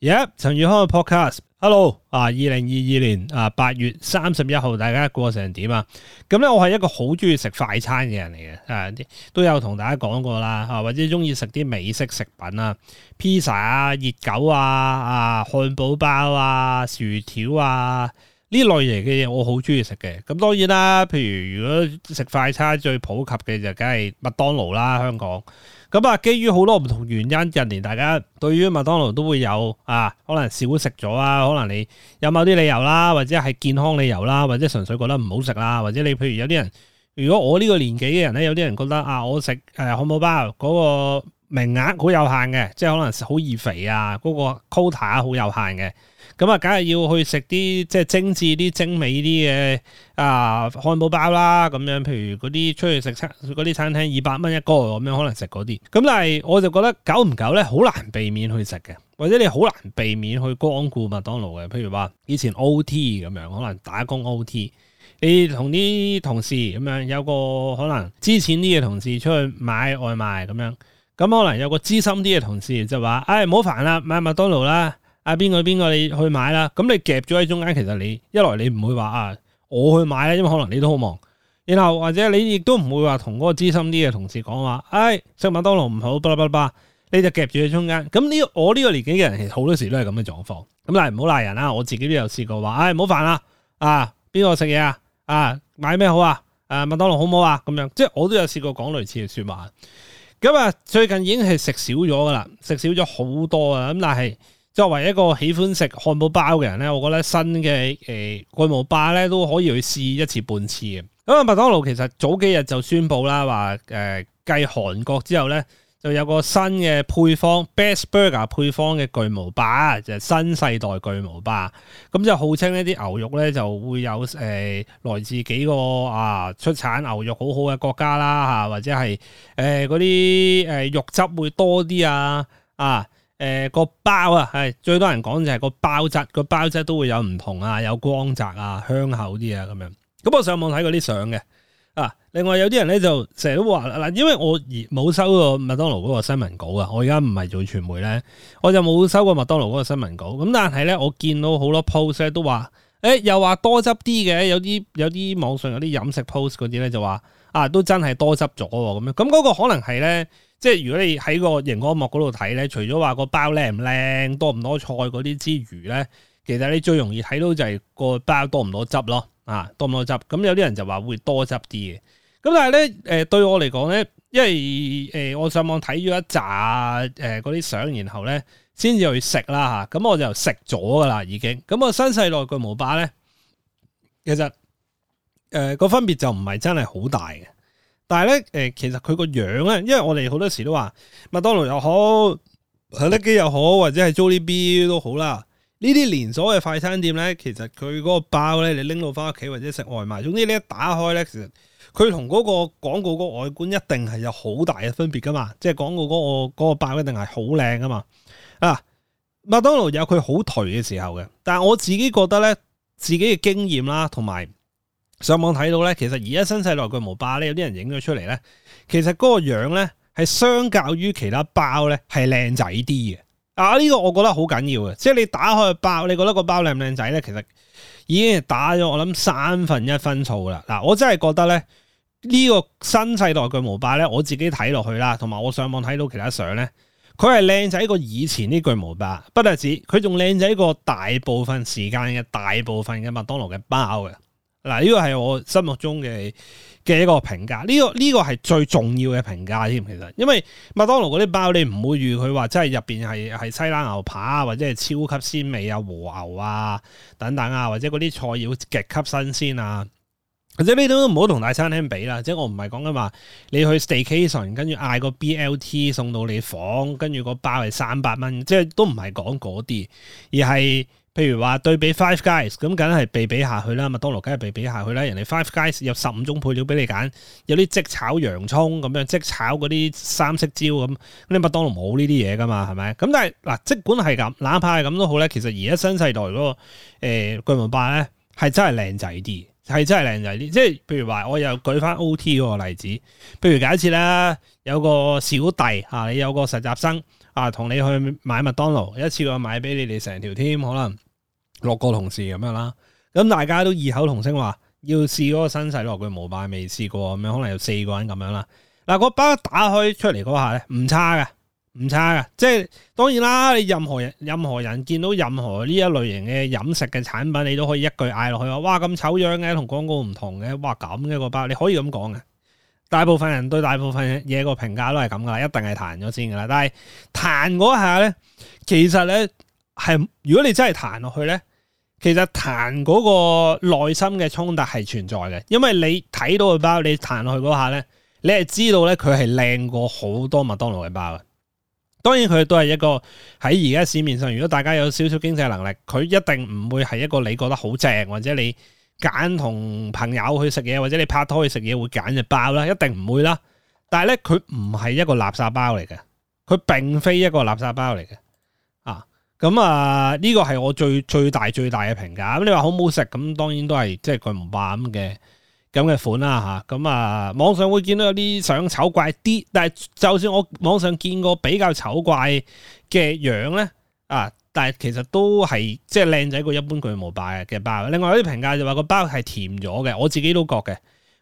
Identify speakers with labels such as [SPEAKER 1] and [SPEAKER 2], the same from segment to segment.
[SPEAKER 1] 耶！yeah, 陳宇康嘅 podcast，hello 啊，二零二二年啊八月三十一號，大家過成點啊？咁、嗯、咧，我係一個好中意食快餐嘅人嚟嘅，誒、啊，都有同大家講過啦、啊，或者中意食啲美式食品啊，pizza 啊，熱狗啊，啊，漢堡包啊，薯條啊，呢類型嘅嘢我好中意食嘅。咁、嗯、當然啦，譬如如果食快餐最普及嘅就梗係麥當勞啦，香港。咁啊，基於好多唔同原因，近年大家對於麥當勞都會有啊，可能少食咗啊，可能你有某啲理由啦，或者係健康理由啦，或者純粹覺得唔好食啦，或者你譬如有啲人，如果我呢個年紀嘅人咧，有啲人覺得啊，我食誒漢堡包嗰個名額好有限嘅，即係可能好易肥啊，嗰個 quota 好有限嘅。咁啊，梗係、嗯、要去食啲即係精緻啲、精美啲嘅啊，漢堡包啦，咁樣，譬如嗰啲出去食餐嗰啲餐廳二百蚊一個咁樣，可能食嗰啲。咁但係我就覺得久唔久咧，好難避免去食嘅，或者你好難避免去光顧麥當勞嘅。譬如話以前 OT 咁樣，可能打工 OT，你同啲同事咁樣有個可能之前啲嘅同事出去買外賣咁樣，咁可能有個知心啲嘅同事就話：唉、哎，唔好煩啦，買麥當勞啦。啊，邊個邊個你去買啦？咁、啊、你夾咗喺中間，其實你一來你唔會話啊，我去買啦，因為可能你都好忙。然後或者你亦都唔會話同嗰個資深啲嘅同事講話，唉、哎，食麥當勞唔好，巴拉巴拉巴，你就夾住喺中間。咁呢、這個，我呢個年紀嘅人其實好多時都係咁嘅狀況。咁但係唔好賴人啦，我自己都有試過話，唉、哎，唔好煩啦，啊，邊個食嘢啊？啊，買咩好啊？誒、啊，麥當勞好唔好啊？咁樣，即係我都有試過講類似嘅説話。咁啊，最近已經係食少咗噶啦，食少咗好多啊。咁但係。作為一個喜歡食漢堡包嘅人咧，我覺得新嘅誒、呃、巨無霸咧都可以去試一次半次嘅。咁，啊麥當勞其實早幾日就宣布啦，話，誒，繼韓國之後咧，就有個新嘅配方 Best Burger 配方嘅巨無霸，就係新世代巨無霸。咁就號稱，呢啲牛肉咧就會有誒、呃、來自幾個啊出產牛肉好好嘅國家啦，吓、啊、或者係誒嗰啲誒肉汁會多啲啊啊！啊誒，欸個包啊，係最多人講就係個包質，個包質都會有唔同啊，有光澤啊，香口啲啊，咁樣。咁我上網睇嗰啲相嘅啊，另外有啲人咧就成日都話，嗱，因為我而冇收過麥當勞嗰個新聞稿啊，我而家唔係做傳媒咧，我就冇收過麥當勞嗰個新聞稿。咁但係咧，我見到好多 post 咧都話，誒、欸，又話多汁啲嘅，有啲有啲網上有啲飲食 post 嗰啲咧就話，啊，都真係多汁咗咁樣。咁、那、嗰個可能係咧。即係如果你喺個熒光幕嗰度睇咧，除咗話個包靚唔靚、多唔多菜嗰啲之餘咧，其實你最容易睇到就係個包多唔多汁咯，啊，多唔多汁？咁有啲人就話會多汁啲嘅。咁但係咧，誒、呃、對我嚟講咧，因為誒、呃、我上網睇咗一紮誒嗰啲相，然後咧先至去食啦嚇。咁、啊、我就食咗噶啦，已經。咁、啊新世代巨無霸咧，其實誒個、呃、分別就唔係真係好大嘅。但係咧，誒，其實佢個樣咧，因為我哋好多時都話麥當勞又好，肯德基又好，或者係 Jollibee 都好啦，呢啲連鎖嘅快餐店咧，其實佢嗰個包咧，你拎到翻屋企或者食外賣，總之你一打開咧，其實佢同嗰個廣告嗰外觀一定係有好大嘅分別噶嘛，即係廣告嗰個、嗰個包一定係好靚噶嘛。啊，麥當勞有佢好頹嘅時候嘅，但係我自己覺得咧，自己嘅經驗啦，同埋。上網睇到咧，其實而家新世代巨無霸咧，有啲人影咗出嚟咧，其實嗰個樣咧係相較於其他包咧係靚仔啲嘅。啊，呢個我覺得好緊要嘅，即係你打開個包，你覺得個包靚唔靚仔咧？其實已經打咗我諗三分一分數啦。嗱，我真係覺得咧呢個新世代巨無霸咧，我自己睇落去啦，同埋我上網睇到其他相咧，佢係靚仔過以前啲巨無霸，不單止佢仲靚仔過大部分時間嘅大部分嘅麥當勞嘅包嘅。嗱，呢個係我心目中嘅嘅一個評價，呢個呢個係最重要嘅評價添。其實，因為麥當勞嗰啲包，你唔會預佢話真係入邊係係西冷牛扒啊，或者係超級鮮味啊和牛啊等等啊，或者嗰啲菜要極級新鮮啊。或者呢啲都唔好同大餐廳比啦。即係我唔係講緊話你去 staycation 跟住嗌個 BLT 送到你房，跟住個包係三百蚊。即係都唔係講嗰啲，而係。譬如話對比 Five Guys 咁，梗係被比下去啦，麥當勞梗係被比下去啦。人哋 Five Guys 有十五種配料俾你揀，有啲即炒洋葱咁樣，即炒嗰啲三色椒咁，咁你麥當勞冇呢啲嘢噶嘛，係咪？咁但係嗱，即管係咁，哪怕係咁都好咧，其實而家新世代嗰個誒巨無霸咧，係真係靚仔啲，係真係靚仔啲。即係譬如話，我又舉翻 OT 嗰個例子，譬如假設啦，有個小弟啊，你有個實習生啊，同你去買麥當勞，一次過買俾你哋成條添，可能。六個同事咁樣啦，咁大家都異口同聲話要試嗰個新世代嘅漢堡，未試過咁樣，可能有四個人咁樣啦。嗱、那，個包打開出嚟嗰下咧，唔差嘅，唔差嘅。即係當然啦，你任何人任何人見到任何呢一類型嘅飲食嘅產品，你都可以一句嗌落去話，哇，咁醜樣嘅，廣同廣告唔同嘅，哇，咁嘅，那個包，你可以咁講嘅。大部分人對大部分嘢個評價都係咁噶啦，一定係彈咗先噶啦。但係彈嗰下咧，其實咧係如果你真係彈落去咧。其實彈嗰個內心嘅衝突係存在嘅，因為你睇到個包，你彈落去嗰下咧，你係知道咧佢係靚過好多麥當勞嘅包嘅。當然佢都係一個喺而家市面上，如果大家有少少經濟能力，佢一定唔會係一個你覺得好正或者你揀同朋友去食嘢，或者你拍拖去食嘢會揀嘅包啦，一定唔會啦。但係咧，佢唔係一個垃圾包嚟嘅，佢並非一個垃圾包嚟嘅。咁啊，呢個係我最最大最大嘅評價。咁、嗯、你話好唔好食？咁當然都係即係巨無霸咁嘅咁嘅款啦吓，咁啊、嗯，網上會見到有啲相醜怪啲，但係就算我網上見過比較醜怪嘅樣咧，啊，但係其實都係即係靚仔過一般巨無霸嘅包。另外有啲評價就話個包係甜咗嘅，我自己都覺嘅。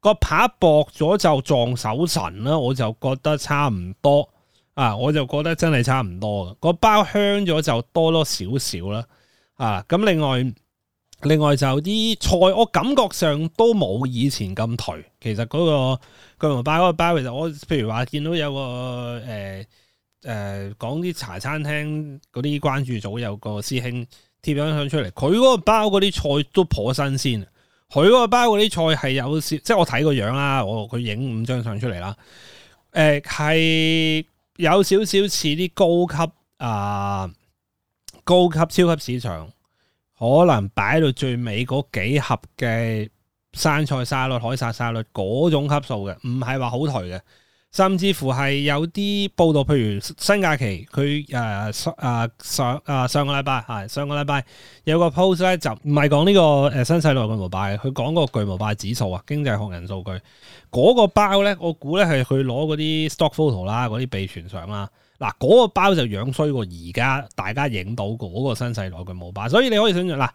[SPEAKER 1] 個扒薄咗就撞手神啦，我就覺得差唔多。啊！我就覺得真係差唔多嘅，個包香咗就多咗少少啦。啊！咁、啊、另外另外就啲菜，我感覺上都冇以前咁頹。其實嗰、那個巨無霸、那個、包嗰個包，其實我譬如話見到有個誒誒、呃呃、講啲茶餐廳嗰啲關注組有個師兄貼咗張相出嚟，佢嗰個包嗰啲菜都頗新鮮。佢嗰個包嗰啲菜係有少，即係我睇個樣啦。我佢影五張相出嚟啦。誒、呃、係。有少少似啲高級啊，高級超級市場，可能擺到最尾嗰幾盒嘅生菜、沙律、凱撒沙律嗰種級數嘅，唔係話好頹嘅。甚至乎係有啲報道，譬如新假期佢誒誒上誒、呃、上個禮拜吓上個禮拜有個 post 咧、這個，就唔係講呢個誒新世代巨無霸嘅，佢講嗰個巨無霸指數啊，經濟學人數據嗰、那個包咧，我估咧係佢攞嗰啲 stock photo 啦，嗰啲備存相啦。嗱嗰個包就樣衰過而家大家影到嘅嗰個新世代巨無霸，所以你可以想象嗱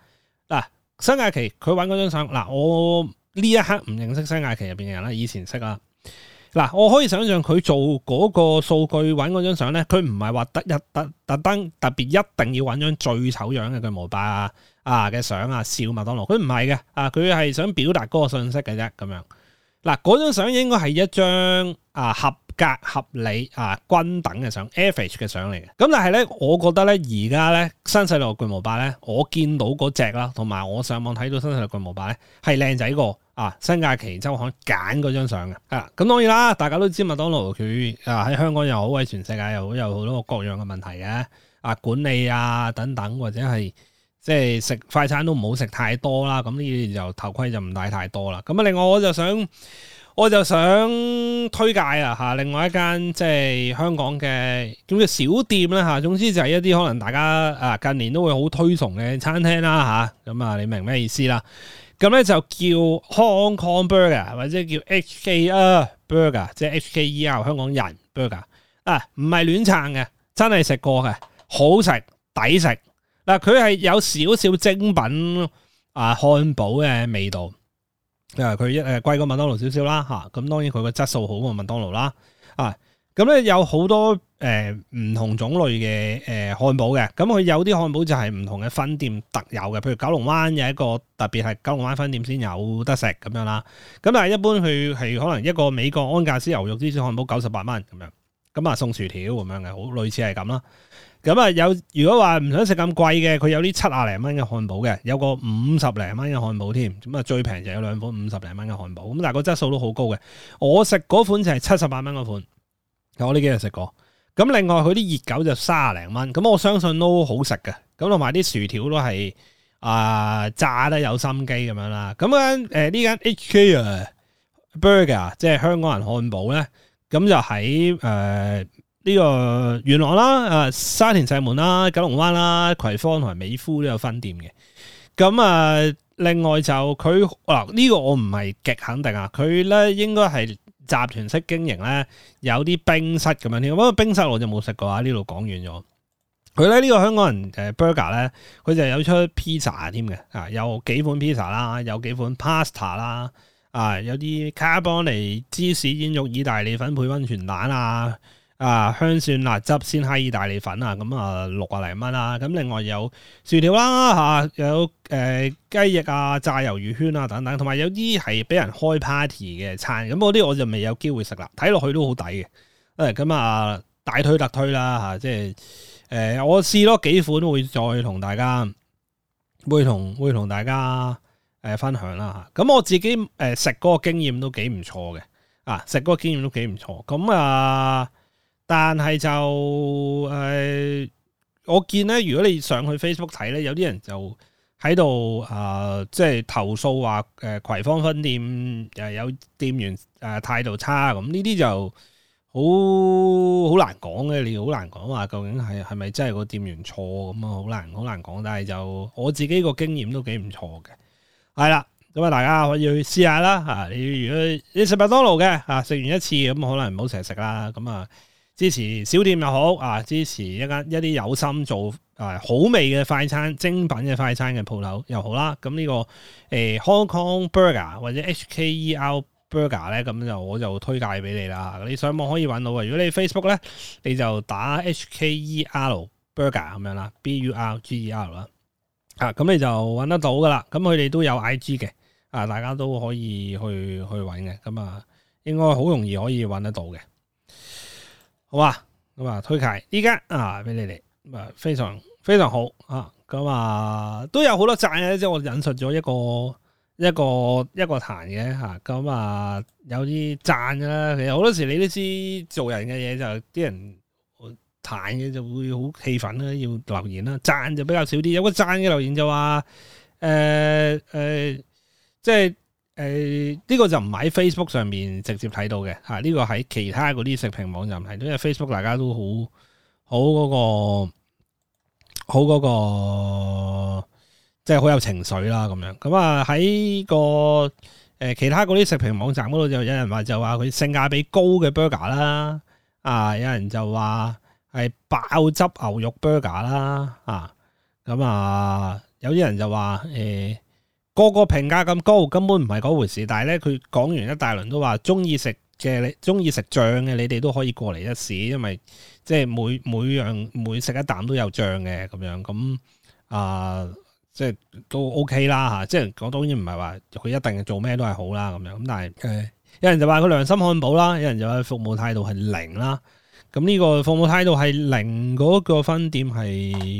[SPEAKER 1] 嗱新假期佢揾嗰張相嗱，我呢一刻唔認識新假期入邊嘅人啦，以前識啦。嗱，我可以想象佢做嗰個數據揾嗰張相咧，佢唔係話特一特特登特別一定要揾張最醜樣嘅巨無霸啊嘅、啊、相啊笑麥當勞，佢唔係嘅，啊佢係想表達嗰個信息嘅啫咁樣。嗱，嗰張相應該係一張啊合。格合理啊，均等嘅相，average 嘅相嚟嘅。咁但係咧，我覺得咧，而家咧新世代巨無霸咧，我見到嗰隻啦，同埋我上網睇到新世代巨無霸咧，係靚仔過啊，新假期周刊揀嗰張相嘅。係、啊、咁當然啦，大家都知麥當勞佢啊喺香港又好，喺全世界又好，有好多個各樣嘅問題嘅啊管理啊等等，或者係即係食快餐都唔好食太多啦。咁呢啲就頭盔就唔戴太多啦。咁啊，另外我就想。我就想推介啊，嚇，另外一間即係香港嘅叫做小店啦，嚇，總之就係一啲可能大家啊近年都會好推崇嘅餐廳啦，嚇，咁啊，你明咩意思啦？咁咧就叫 Hong Kong Burger 或者叫 HK 啊 Burger，即係 HKER 香港人 Burger 啊，唔係亂撐嘅，真係食過嘅，好食抵食。嗱、啊，佢係有少少精品啊漢堡嘅味道。因為佢一誒貴過麥當勞少少啦吓，咁當然佢個質素好過麥當勞啦啊，咁咧有好多誒唔、呃、同種類嘅誒漢堡嘅，咁佢有啲漢堡就係唔同嘅分店特有嘅，譬如九龍灣有一個特別係九龍灣分店先有得食咁樣啦，咁但係一般佢係可能一個美國安格斯牛肉芝士漢堡九十八蚊咁樣，咁啊送薯條咁樣嘅，好類似係咁啦。咁啊有如果話唔想食咁貴嘅，佢有啲七啊零蚊嘅漢堡嘅，有個五十零蚊嘅漢堡添，咁啊最平就有兩款五十零蚊嘅漢堡，咁但係個質素都好高嘅。我食嗰款就係七十八蚊嗰款，我呢幾日食過。咁另外佢啲熱狗就三啊零蚊，咁我相信都好食嘅。咁同埋啲薯條都係啊炸得有心機咁樣啦。咁間誒呢間 H K 啊 Burger 即係香港人漢堡咧，咁就喺誒。呃呢個元朗啦、啊、沙田石門啦、九龍灣啦、葵芳同埋美孚都有分店嘅。咁、嗯、啊，另外就佢嗱呢個我唔係極肯定啊。佢咧應該係集團式經營咧，有啲冰室咁樣添。不過冰室我就冇食過啊，講呢度講遠咗。佢咧呢個香港人誒 Burger 咧，佢就有出 pizza 添嘅啊，有幾款 pizza 啦，有幾款 pasta 啦，啊，有啲卡邦尼、芝士煙肉意大利粉配温泉蛋啊。啊，香蒜辣汁鮮蝦意大利粉啊，咁啊六啊零蚊啦。咁另外有薯條啦，嚇有誒雞翼啊、炸魷魚圈啊等等，同埋有啲係俾人開 party 嘅餐，咁嗰啲我就未有機會食啦。睇落去都好抵嘅。誒咁啊，大推特推啦嚇、啊，即係誒、啊、我試多幾款，會再同大家會同會同大家誒分享啦嚇。咁、啊、我自己誒、啊、食嗰個經驗都幾唔錯嘅，啊食嗰個經驗都幾唔錯。咁啊～啊但係就誒、呃，我見咧，如果你上去 Facebook 睇咧，有啲人就喺度啊，即、呃、係、就是、投訴話誒葵芳分店誒、呃、有店員誒態、呃、度差咁，呢啲就好好難講嘅，你好難講話究竟係係咪真係個店員錯咁啊？好難好難講。但係就我自己個經驗都幾唔錯嘅，係啦。咁啊，大家可以去試下啦嚇。你如果你食麥當勞嘅嚇，食、啊、完一次咁、嗯、可能唔好成日食啦咁啊。支持小店又好啊，支持一間一啲有心做啊好味嘅快餐、精品嘅快餐嘅鋪頭又好啦。咁呢、這個誒、呃、Hong Kong Burger 或者 HKER Burger 咧，咁就我就推介俾你啦。你上網可以揾到。如果你 Facebook 咧，你就打 HKER Burger 咁樣啦，B U R G E R 啦、啊。啊，咁你就揾得到噶啦。咁佢哋都有 IG 嘅，啊大家都可以去去揾嘅。咁啊，應該好容易可以揾得到嘅。好啊，咁啊推介，依家啊俾你哋，咁啊非常非常好啊，咁啊都有好多讚嘅，即係我引述咗一個一個一個彈嘅吓，咁啊有啲讚嘅啦，其實好多時你都知做人嘅嘢，就啲人彈嘅就會好氣憤啦，要留言啦，讚就比較少啲，有個讚嘅留言就話誒誒即係。誒，呢、呃，這個就唔喺 Facebook 上面直接睇到嘅，吓、啊、呢、這個喺其他嗰啲食評網站睇，因為 Facebook 大家都好、那個、好嗰、那個好個即係好有情緒啦咁樣。咁、嗯、啊喺、這個誒、呃、其他嗰啲食評網站嗰度就有人話就話佢性價比高嘅 burger 啦、啊，啊有人就話係爆汁牛肉 burger 啦、啊，啊咁啊有啲人就話誒。呃個個評價咁高，根本唔係嗰回事。但係呢，佢講完一大輪都話，中意食嘅你，中意食醬嘅你哋都可以過嚟一試，因為即係每每樣每食一啖都有醬嘅咁樣。咁、呃 OK、啊，即係都 OK 啦嚇。即係我當然唔係話佢一定做咩都係好啦咁樣。咁但係，誒，有人就話佢良心漢堡啦，有人就話服務態度係零啦。咁呢個服務態度係零嗰個分店係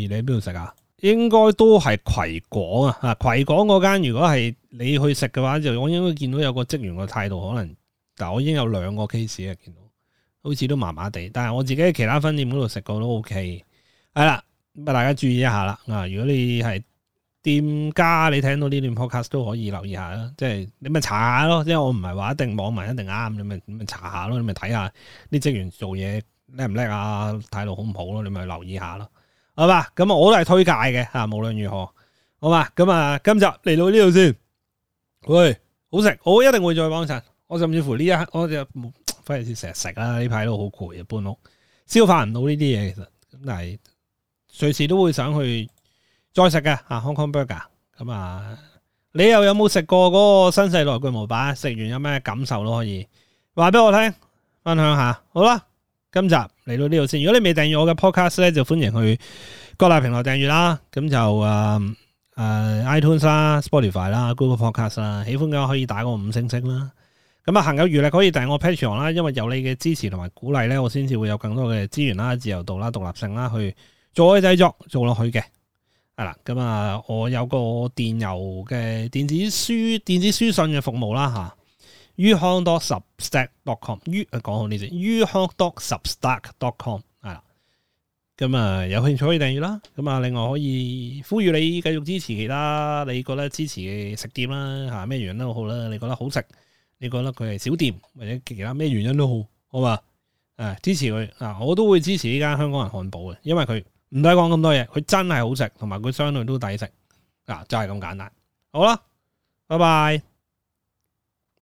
[SPEAKER 1] 你喺邊度食啊？應該都係葵港啊！啊，葵港嗰間如果係你去食嘅話，就我應該見到有個職員個態度可能，但我已經有兩個 case 啊，見到好似都麻麻地。但係我自己喺其他分店嗰度食過都 OK。係啦，咁啊，大家注意一下啦。啊，如果你係店家，你聽到呢段 podcast 都可以留意下啦。即係你咪查下咯，即係我唔係話一定網民一定啱，你咪咁咪查下咯，你咪睇下啲職員做嘢叻唔叻啊，態度好唔好咯，你咪留意下咯。好嘛，咁啊，我都係推介嘅吓，無論如何，好嘛，咁啊，今日嚟到呢度先，喂，好食，我一定會再幫襯，我甚至乎呢一刻，我就反而似成日食啦，呢排都好攰，搬屋，消化唔到呢啲嘢。其實，咁但係隨時都會想去再食嘅吓，hamburger，咁啊，你又有冇食過嗰個新世代巨無霸？食完有咩感受都可以話俾我聽，分享下，好啦。今集嚟到呢度先。如果你未訂閱我嘅 Podcast 咧，就歡迎去各大平台訂閱啦。咁就誒誒、啊啊、iTunes 啦、Spotify 啦、Google Podcast 啦，喜歡嘅可以打個五星星啦。咁啊，行有餘力可以訂我 Patreon 啦。因為有你嘅支持同埋鼓勵咧，我先至會有更多嘅資源啦、自由度啦、獨立性啦，去再製作做落去嘅。係啦，咁啊，我有個電郵嘅電子書、電子書信嘅服務啦，吓。u 康多 substack.com u、呃、啊講好呢啲，u 康多 substack.com 係啦，咁啊、嗯嗯、有興趣可以訂閱啦，咁、嗯、啊、嗯、另外可以呼籲你繼續支持其他你覺得支持嘅食店啦，吓、啊、咩原因都好啦，你覺得好食，你覺得佢係小店或者其他咩原因都好好嘛，誒、嗯、支持佢嗱、啊，我都會支持呢間香港人漢堡嘅，因為佢唔使講咁多嘢，佢真係好食，同埋佢相對都抵食，嗱、啊、就係、是、咁簡單，好啦，拜拜。